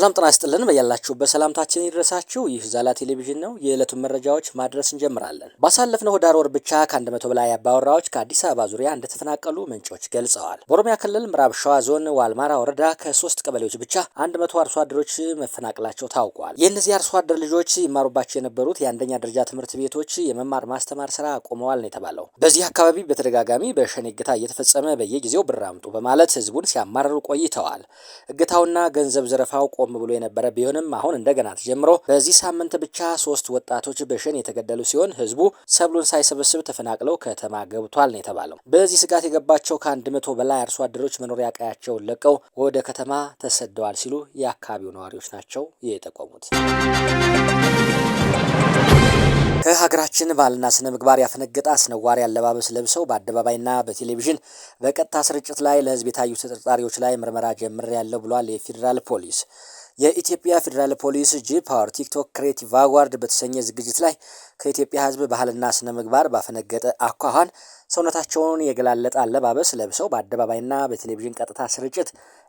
ሰላም ጤና ይስጥልን። በያላችሁ በሰላምታችን ይድረሳችሁ። ይህ ዛላ ቴሌቪዥን ነው። የዕለቱን መረጃዎች ማድረስ እንጀምራለን። ባሳለፍነው ኅዳር ወር ብቻ ከአንድ መቶ በላይ አባወራዎች ከአዲስ አበባ ዙሪያ እንደተፈናቀሉ ምንጮች ገልጸዋል። በኦሮሚያ ክልል ምዕራብ ሸዋ ዞን ዋልማራ ወረዳ ከሶስት ቀበሌዎች ብቻ አንድ መቶ አርሶ አደሮች መፈናቀላቸው ታውቋል። የእነዚህ አርሶ አደር ልጆች ይማሩባቸው የነበሩት የአንደኛ ደረጃ ትምህርት ቤቶች የመማር ማስተማር ስራ ቆመዋል ነው የተባለው። በዚህ አካባቢ በተደጋጋሚ በሸኔ እገታ እየተፈጸመ በየጊዜው ብር አምጡ በማለት ህዝቡን ሲያማረሩ ቆይተዋል። እገታውና ገንዘብ ዘረፋው ቆ ቆም ብሎ የነበረ ቢሆንም አሁን እንደገና ተጀምሮ በዚህ ሳምንት ብቻ ሶስት ወጣቶች በሸን የተገደሉ ሲሆን ህዝቡ ሰብሉን ሳይሰበስብ ተፈናቅለው ከተማ ገብቷል ነው የተባለው። በዚህ ስጋት የገባቸው ከአንድ መቶ በላይ አርሶ አደሮች መኖሪያ ቀያቸውን ለቀው ወደ ከተማ ተሰደዋል ሲሉ የአካባቢው ነዋሪዎች ናቸው የጠቆሙት። ከሀገራችን ባህልና ስነ ምግባር ያፈነገጠ አስነዋሪ አለባበስ ለብሰው በአደባባይና በቴሌቪዥን በቀጥታ ስርጭት ላይ ለህዝብ የታዩ ተጠርጣሪዎች ላይ ምርመራ ያለው ብሏል የፌዴራል ፖሊስ። የኢትዮጵያ ፌዴራል ፖሊስ ጂ ፓወር ቲክቶክ ክሬቲቭ አዋርድ በተሰኘ ዝግጅት ላይ ከኢትዮጵያ ሕዝብ ባህልና ስነ ምግባር ባፈነገጠ አኳኋን ሰውነታቸውን የገላለጠ አለባበስ ለብሰው በአደባባይና በቴሌቪዥን ቀጥታ ስርጭት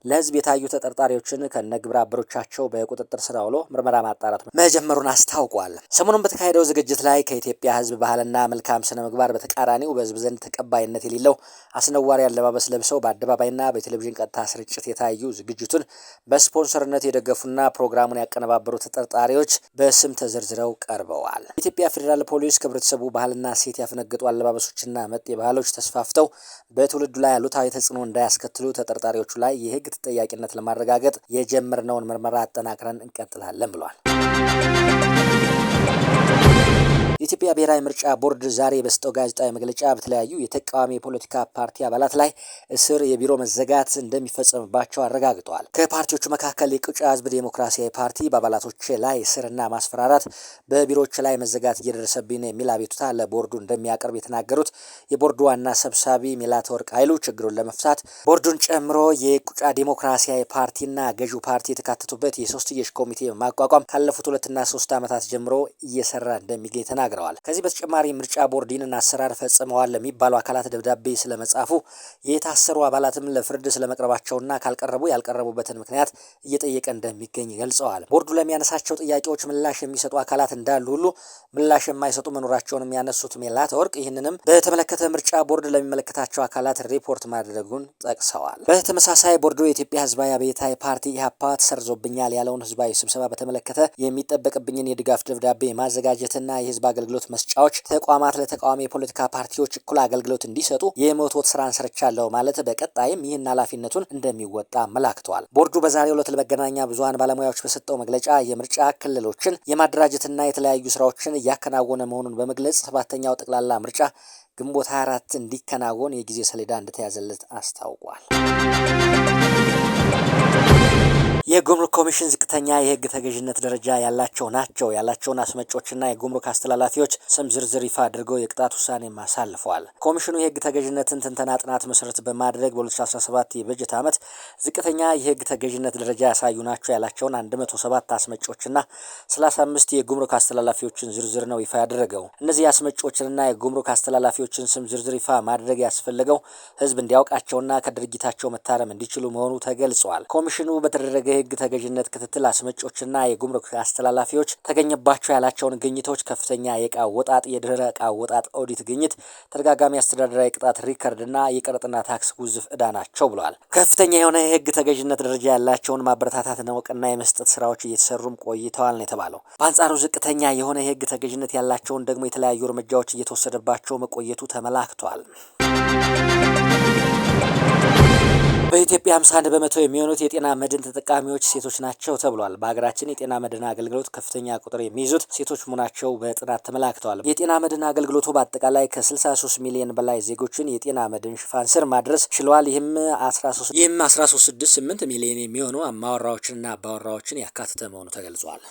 ለህዝብ የታዩ ተጠርጣሪዎችን ከነግብረ አበሮቻቸው በቁጥጥር ስር አውሎ ምርመራ ማጣራት መጀመሩን አስታውቋል። ሰሞኑን በተካሄደው ዝግጅት ላይ ከኢትዮጵያ ሕዝብ ባህልና መልካም ስነ ምግባር በተቃራኒው በህዝብ ዘንድ ተቀባይነት የሌለው አስነዋሪ አለባበስ ለብሰው በአደባባይና በቴሌቪዥን ቀጥታ ስርጭት የታዩ ዝግጅቱን በስፖንሰርነት የደገፉና ፕሮግራሙን ያቀነባበሩ ተጠርጣሪዎች በስም ተዘርዝረው ቀርበዋል። የኢትዮጵያ ፌዴራል ፖሊስ ከህብረተሰቡ ባህልና ሴት ያፈነገጡ አለባበሶችና መጤ ባህሎች ተስፋፍተው በትውልዱ ላይ አሉታዊ ተጽዕኖ እንዳያስከትሉ ተጠርጣሪዎቹ ላይ የህግ ተጠያቂነት ለማረጋገጥ የጀመርነውን ምርመራ አጠናክረን እንቀጥላለን ብሏል። የኢትዮጵያ ብሔራዊ ምርጫ ቦርድ ዛሬ በሰጠው ጋዜጣዊ መግለጫ በተለያዩ የተቃዋሚ የፖለቲካ ፓርቲ አባላት ላይ እስር፣ የቢሮ መዘጋት እንደሚፈጸምባቸው አረጋግጠዋል። ከፓርቲዎቹ መካከል የቅጫ ህዝብ ዴሞክራሲያዊ ፓርቲ በአባላቶች ላይ እስርና ማስፈራራት፣ በቢሮዎች ላይ መዘጋት እየደረሰብኝ ነው የሚል አቤቱታ ለቦርዱ እንደሚያቀርብ የተናገሩት የቦርዱ ዋና ሰብሳቢ ሚላተወርቅ ኃይሉ ችግሩን ለመፍታት ቦርዱን ጨምሮ የቅጫ ዴሞክራሲያዊ ፓርቲና ገዢው ፓርቲ የተካተቱበት የሶስትዮሽ ኮሚቴ ማቋቋም ካለፉት ሁለትና ሶስት ዓመታት ጀምሮ እየሰራ እንደሚገኝ ተናግረዋል። ተናግረዋል። ከዚህ በተጨማሪ ምርጫ ቦርድ ይህንን አሰራር ፈጽመዋል ለሚባሉ አካላት ደብዳቤ ስለመጻፉ፣ የታሰሩ አባላትም ለፍርድ ስለመቅረባቸውና ካልቀረቡ ያልቀረቡበትን ምክንያት እየጠየቀ እንደሚገኝ ገልጸዋል። ቦርዱ ለሚያነሳቸው ጥያቄዎች ምላሽ የሚሰጡ አካላት እንዳሉ ሁሉ ምላሽ የማይሰጡ መኖራቸውንም ያነሱት ሜላት ወርቅ ይህንንም በተመለከተ ምርጫ ቦርድ ለሚመለከታቸው አካላት ሪፖርት ማድረጉን ጠቅሰዋል። በተመሳሳይ ቦርዱ የኢትዮጵያ ህዝባዊ አብዮታዊ ፓርቲ ኢህአፓ ተሰርዞብኛል ያለውን ህዝባዊ ስብሰባ በተመለከተ የሚጠበቅብኝን የድጋፍ ደብዳቤ ማዘጋጀትና የህዝብ አገልግሎት አገልግሎት መስጫዎች ተቋማት ለተቃዋሚ የፖለቲካ ፓርቲዎች እኩል አገልግሎት እንዲሰጡ የመቶት ስራ ሰርቻለሁ ማለት በቀጣይም ይህን ኃላፊነቱን እንደሚወጣ መላክተዋል። ቦርዱ በዛሬው ዕለት ለመገናኛ ብዙሀን ባለሙያዎች በሰጠው መግለጫ የምርጫ ክልሎችን የማደራጀትና የተለያዩ ስራዎችን እያከናወነ መሆኑን በመግለጽ ሰባተኛው ጠቅላላ ምርጫ ግንቦት 24 እንዲከናወን የጊዜ ሰሌዳ እንደተያዘለት አስታውቋል። የጉምሩክ ኮሚሽን ዝቅተኛ የህግ ተገዥነት ደረጃ ያላቸው ናቸው ያላቸውን አስመጮችና የጉምሩክ አስተላላፊዎች ስም ዝርዝር ይፋ አድርገው የቅጣት ውሳኔም አሳልፈዋል። ኮሚሽኑ የህግ ተገዥነትን ትንተና ጥናት መሰረት በማድረግ በ2017 የበጀት ዓመት ዝቅተኛ የህግ ተገዥነት ደረጃ ያሳዩ ናቸው ያላቸውን 107 አስመጮችና 35 የጉምሩክ አስተላላፊዎችን ዝርዝር ነው ይፋ ያደረገው። እነዚህ አስመጮችንና የጉምሩክ አስተላላፊዎችን ስም ዝርዝር ይፋ ማድረግ ያስፈለገው ህዝብ እንዲያውቃቸውና ከድርጊታቸው መታረም እንዲችሉ መሆኑ ተገልጿል። ኮሚሽኑ በተደረገ የህግ ተገዥነት ክትትል አስመጮችና የጉምሩክ አስተላላፊዎች ተገኘባቸው ያላቸውን ግኝቶች፣ ከፍተኛ የእቃ ወጣጥ፣ የድህረ እቃ ወጣጥ ኦዲት ግኝት፣ ተደጋጋሚ አስተዳደራዊ ቅጣት ሪከርድና የቀረጥና ታክስ ውዝፍ እዳ ናቸው ብለዋል። ከፍተኛ የሆነ የህግ ተገዥነት ደረጃ ያላቸውን ማበረታታት እውቅና የመስጠት ስራዎች እየተሰሩም ቆይተዋል ነው የተባለው። በአንጻሩ ዝቅተኛ የሆነ የህግ ተገዥነት ያላቸውን ደግሞ የተለያዩ እርምጃዎች እየተወሰደባቸው መቆየቱ ተመላክቷል። በኢትዮጵያ 51 በመቶ የሚሆኑት የጤና መድን ተጠቃሚዎች ሴቶች ናቸው ተብሏል። በሀገራችን የጤና መድን አገልግሎት ከፍተኛ ቁጥር የሚይዙት ሴቶች መሆናቸው በጥናት ተመላክተዋል። የጤና መድን አገልግሎቱ በአጠቃላይ ከ63 ሚሊዮን በላይ ዜጎችን የጤና መድን ሽፋን ስር ማድረስ ችሏል። ይህም 13.8 ሚሊዮን የሚሆኑ አማወራዎችንና አባወራዎችን ያካተተ መሆኑ ተገልጿል።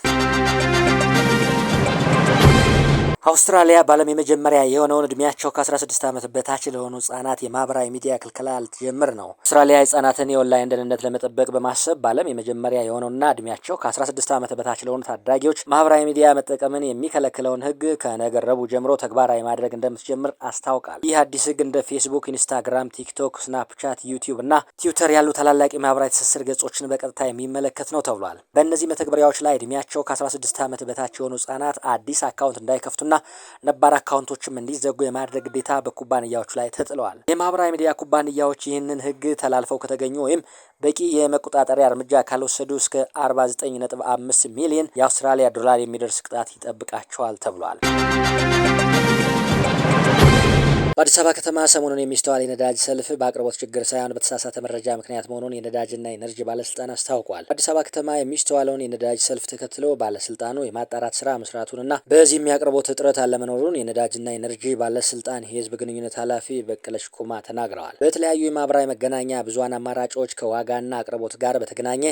አውስትራሊያ በዓለም የመጀመሪያ የሆነውን እድሜያቸው ከ16 ዓመት በታች ለሆኑ ህጻናት የማህበራዊ ሚዲያ ክልከላ ልትጀምር ነው። አውስትራሊያ ህጻናትን የኦንላይን ደህንነት ለመጠበቅ በማሰብ በዓለም የመጀመሪያ የሆነውና እድሜያቸው ከ16 ዓመት በታች ለሆኑ ታዳጊዎች ማህበራዊ ሚዲያ መጠቀምን የሚከለክለውን ህግ ከነገ ረቡዕ ጀምሮ ተግባራዊ ማድረግ እንደምትጀምር አስታውቃል። ይህ አዲስ ህግ እንደ ፌስቡክ፣ ኢንስታግራም፣ ቲክቶክ፣ ስናፕቻት፣ ዩቲዩብ እና ትዊተር ያሉ ታላላቅ የማህበራዊ ትስስር ገጾችን በቀጥታ የሚመለከት ነው ተብሏል። በእነዚህ መተግበሪያዎች ላይ እድሜያቸው ከ16 ዓመት በታች የሆኑ ህጻናት አዲስ አካውንት እንዳይከፍቱና ነባር አካውንቶችም እንዲዘጉ የማድረግ ግዴታ በኩባንያዎች ላይ ተጥለዋል። የማህበራዊ ሚዲያ ኩባንያዎች ይህንን ህግ ተላልፈው ከተገኙ ወይም በቂ የመቆጣጠሪያ እርምጃ ካልወሰዱ እስከ 49.5 ሚሊዮን የአውስትራሊያ ዶላር የሚደርስ ቅጣት ይጠብቃቸዋል ተብሏል። በአዲስ አበባ ከተማ ሰሞኑን የሚስተዋል የነዳጅ ሰልፍ በአቅርቦት ችግር ሳይሆን በተሳሳተ መረጃ ምክንያት መሆኑን የነዳጅና ኤነርጂ ባለስልጣን አስታውቋል። በአዲስ አበባ ከተማ የሚስተዋለውን የነዳጅ ሰልፍ ተከትሎ ባለስልጣኑ የማጣራት ስራ መስራቱንና በዚህም የአቅርቦት እጥረት አለመኖሩን የነዳጅና ኤነርጂ ባለስልጣን የህዝብ ግንኙነት ኃላፊ በቀለሽ ኩማ ተናግረዋል። በተለያዩ የማህበራዊ መገናኛ ብዙሃን አማራጮች ከዋጋና አቅርቦት ጋር በተገናኘ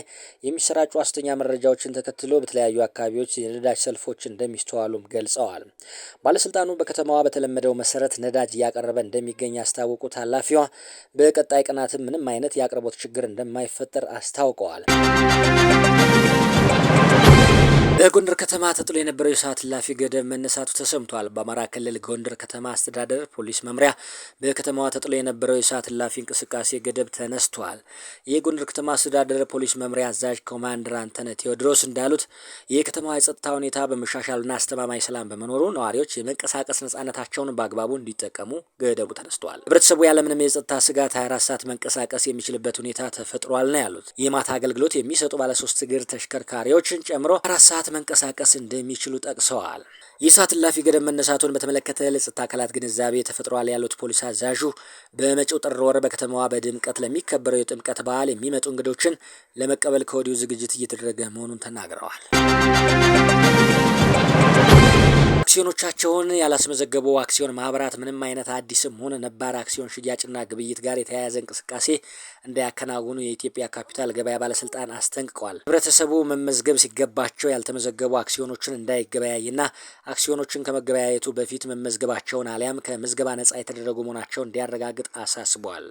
የሚሰራጩ ሐሰተኛ መረጃዎችን ተከትሎ በተለያዩ አካባቢዎች የነዳጅ ሰልፎች እንደሚስተዋሉም ገልጸዋል። ባለስልጣኑ በከተማዋ በተለመደው መሰረት ነዳጅ እያቀረበ እንደሚገኝ ያስታወቁት ኃላፊዋ በቀጣይ ቀናትም ምንም አይነት የአቅርቦት ችግር እንደማይፈጠር አስታውቀዋል። በጎንደር ከተማ ተጥሎ የነበረው የሰዓት እላፊ ገደብ መነሳቱ ተሰምቷል። በአማራ ክልል ጎንደር ከተማ አስተዳደር ፖሊስ መምሪያ በከተማዋ ተጥሎ የነበረው የሰዓት እላፊ እንቅስቃሴ ገደብ ተነስቷል። የጎንደር ከተማ አስተዳደር ፖሊስ መምሪያ አዛዥ ኮማንደር አንተነ ቴዎድሮስ እንዳሉት የከተማዋ የጸጥታ ሁኔታ በመሻሻሉና አስተማማኝ ሰላም በመኖሩ ነዋሪዎች የመንቀሳቀስ ነጻነታቸውን በአግባቡ እንዲጠቀሙ ገደቡ ተነስቷል። ህብረተሰቡ ያለምንም የጸጥታ ስጋት 24 ሰዓት መንቀሳቀስ የሚችልበት ሁኔታ ተፈጥሯል ነው ያሉት። የማታ አገልግሎት የሚሰጡ ባለሶስት እግር ተሽከርካሪዎችን ጨምሮ አራት ሰዓት በስርዓት መንቀሳቀስ እንደሚችሉ ጠቅሰዋል። የእሳት እላፊ ገደብ መነሳቱን በተመለከተ ለጸጥታ አካላት ግንዛቤ ተፈጥሯል ያሉት ፖሊስ አዛዡ በመጪው ጥር ወር በከተማዋ በድምቀት ለሚከበረው የጥምቀት በዓል የሚመጡ እንግዶችን ለመቀበል ከወዲሁ ዝግጅት እየተደረገ መሆኑን ተናግረዋል። አክሲዮኖቻቸውን ያላስመዘገቡ አክሲዮን ማህበራት ምንም አይነት አዲስም ሆነ ነባር አክሲዮን ሽያጭና ግብይት ጋር የተያያዘ እንቅስቃሴ እንዳያከናውኑ የኢትዮጵያ ካፒታል ገበያ ባለስልጣን አስጠንቅቋል። ህብረተሰቡ መመዝገብ ሲገባቸው ያልተመዘገቡ አክሲዮኖችን እንዳይገበያይና አክሲዮኖችን ከመገበያየቱ በፊት መመዝገባቸውን አሊያም ከምዝገባ ነጻ የተደረጉ መሆናቸውን እንዲያረጋግጥ አሳስቧል።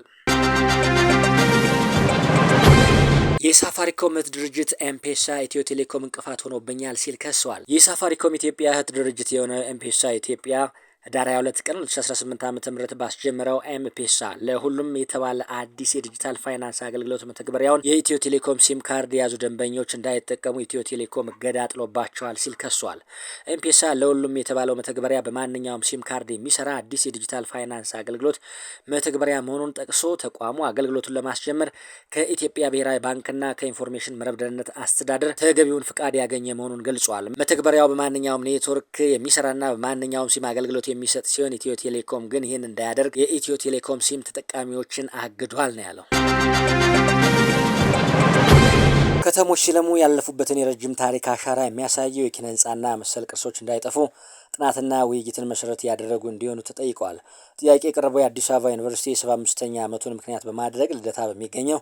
የሳፋሪኮም እህት ድርጅት ኤምፔሳ ኢትዮ ቴሌኮም እንቅፋት ሆኖብኛል ሲል ከሰዋል። የሳፋሪኮም ኢትዮጵያ እህት ድርጅት የሆነ ኤምፔሳ ኢትዮጵያ ህዳር 22 ቀን 2018 ዓ ም ባስጀመረው ኤምፔሳ ለሁሉም የተባለ አዲስ የዲጂታል ፋይናንስ አገልግሎት መተግበሪያውን የኢትዮ ቴሌኮም ሲም ካርድ የያዙ ደንበኞች እንዳይጠቀሙ ኢትዮ ቴሌኮም እገዳ ጥሎባቸዋል ሲል ከሷል። ኤምፔሳ ለሁሉም የተባለው መተግበሪያ በማንኛውም ሲም ካርድ የሚሰራ አዲስ የዲጂታል ፋይናንስ አገልግሎት መተግበሪያ መሆኑን ጠቅሶ ተቋሙ አገልግሎቱን ለማስጀመር ከኢትዮጵያ ብሔራዊ ባንክና ከኢንፎርሜሽን መረብ ደህንነት አስተዳደር ተገቢውን ፍቃድ ያገኘ መሆኑን ገልጿል። መተግበሪያው በማንኛውም ኔትወርክ የሚሰራና በማንኛውም ሲም አገልግሎት የሚሰጥ ሲሆን ኢትዮ ቴሌኮም ግን ይህን እንዳያደርግ የኢትዮ ቴሌኮም ሲም ተጠቃሚዎችን አግዷል ነው ያለው። ከተሞች ሲለሙ ያለፉበትን የረጅም ታሪክ አሻራ የሚያሳየው የኪነ ህንፃና መሰል ቅርሶች እንዳይጠፉ ጥናትና ውይይትን መሰረት ያደረጉ እንዲሆኑ ተጠይቀዋል። ጥያቄ የቀረበው የአዲስ አበባ ዩኒቨርሲቲ የሰባ አምስተኛ ዓመቱን ምክንያት በማድረግ ልደታ በሚገኘው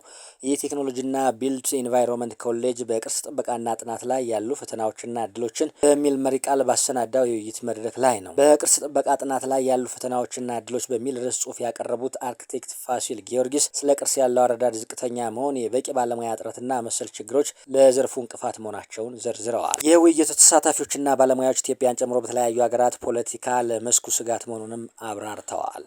የቴክኖሎጂና ቢልድ ኢንቫይሮንመንት ኮሌጅ በቅርስ ጥበቃና ጥናት ላይ ያሉ ፈተናዎችና እድሎችን በሚል መሪ ቃል ባሰናዳው የውይይት መድረክ ላይ ነው። በቅርስ ጥበቃ ጥናት ላይ ያሉ ፈተናዎችና እድሎች በሚል ርዕስ ጽሑፍ ያቀረቡት አርክቴክት ፋሲል ጊዮርጊስ ስለ ቅርስ ያለው አረዳድ ዝቅተኛ መሆን፣ የበቂ ባለሙያ እጥረትና መሰል ችግሮች ለዘርፉ እንቅፋት መሆናቸውን ዘርዝረዋል። የውይይቱ ተሳታፊዎችና ባለሙያዎች ኢትዮጵያን ጨምሮ በተለያዩ ሀገራት ፖለቲካ ለመስኩ ስጋት መሆኑንም አብራርተዋል።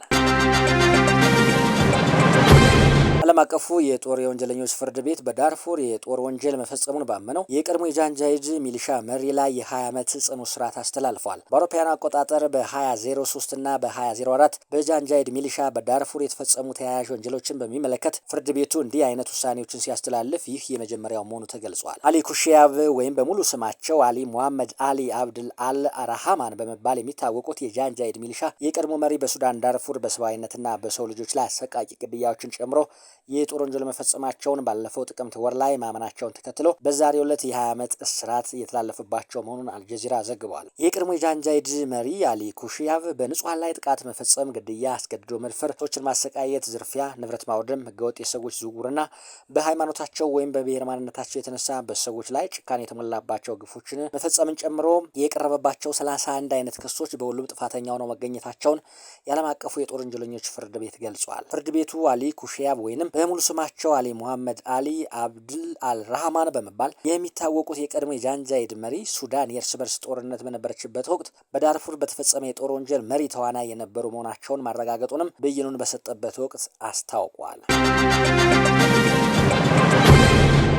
ዓለም አቀፉ የጦር የወንጀለኞች ፍርድ ቤት በዳርፉር የጦር ወንጀል መፈጸሙን ባመነው የቀድሞ የጃንጃይድ ሚሊሻ መሪ ላይ የ20 ዓመት ጽኑ እስራት አስተላልፏል። በአውሮፓውያኑ አቆጣጠር በ2003 እና በ2004 በጃንጃይድ ሚሊሻ በዳርፉር የተፈጸሙ ተያያዥ ወንጀሎችን በሚመለከት ፍርድ ቤቱ እንዲህ አይነት ውሳኔዎችን ሲያስተላልፍ ይህ የመጀመሪያው መሆኑ ተገልጿል። አሊ ኩሺያቭ ወይም በሙሉ ስማቸው አሊ ሙሐመድ አሊ አብድል አል አራሃማን በመባል የሚታወቁት የጃንጃይድ ሚሊሻ የቀድሞ መሪ በሱዳን ዳርፉር በሰብአዊነትና በሰው ልጆች ላይ አሰቃቂ ግድያዎችን ጨምሮ የጦር ወንጀል መፈጸማቸውን ባለፈው ጥቅምት ወር ላይ ማመናቸውን ተከትሎ በዛሬው ዕለት የ20 ዓመት እስራት እየተላለፈባቸው መሆኑን አልጀዚራ ዘግቧል። የቀድሞ የጃንጃይድ መሪ አሊ ኩሽያቭ በንጹሐን ላይ ጥቃት መፈጸም፣ ግድያ፣ አስገድዶ መድፈር፣ ሰዎችን ማሰቃየት፣ ዝርፊያ፣ ንብረት ማውደም፣ ህገወጥ የሰዎች ዝውውርና በሃይማኖታቸው ወይም በብሔር ማንነታቸው የተነሳ በሰዎች ላይ ጭካኔ የተሞላባቸው ግፎችን መፈጸምን ጨምሮ የቀረበባቸው ሰላሳ አንድ አይነት ክሶች በሁሉም ጥፋተኛ ሆነው መገኘታቸውን የዓለም አቀፉ የጦር ወንጀለኞች ፍርድ ቤት ገልጿል። ፍርድ ቤቱ አሊ ኩሽያቭ ወይንም በሙሉ ስማቸው አሊ ሙሐመድ አሊ አብድል አልራህማን በመባል የሚታወቁት የቀድሞ የጃንጃይድ መሪ ሱዳን የእርስ በርስ ጦርነት በነበረችበት ወቅት በዳርፉር በተፈጸመ የጦር ወንጀል መሪ ተዋናይ የነበሩ መሆናቸውን ማረጋገጡንም ብይኑን በሰጠበት ወቅት አስታውቋል።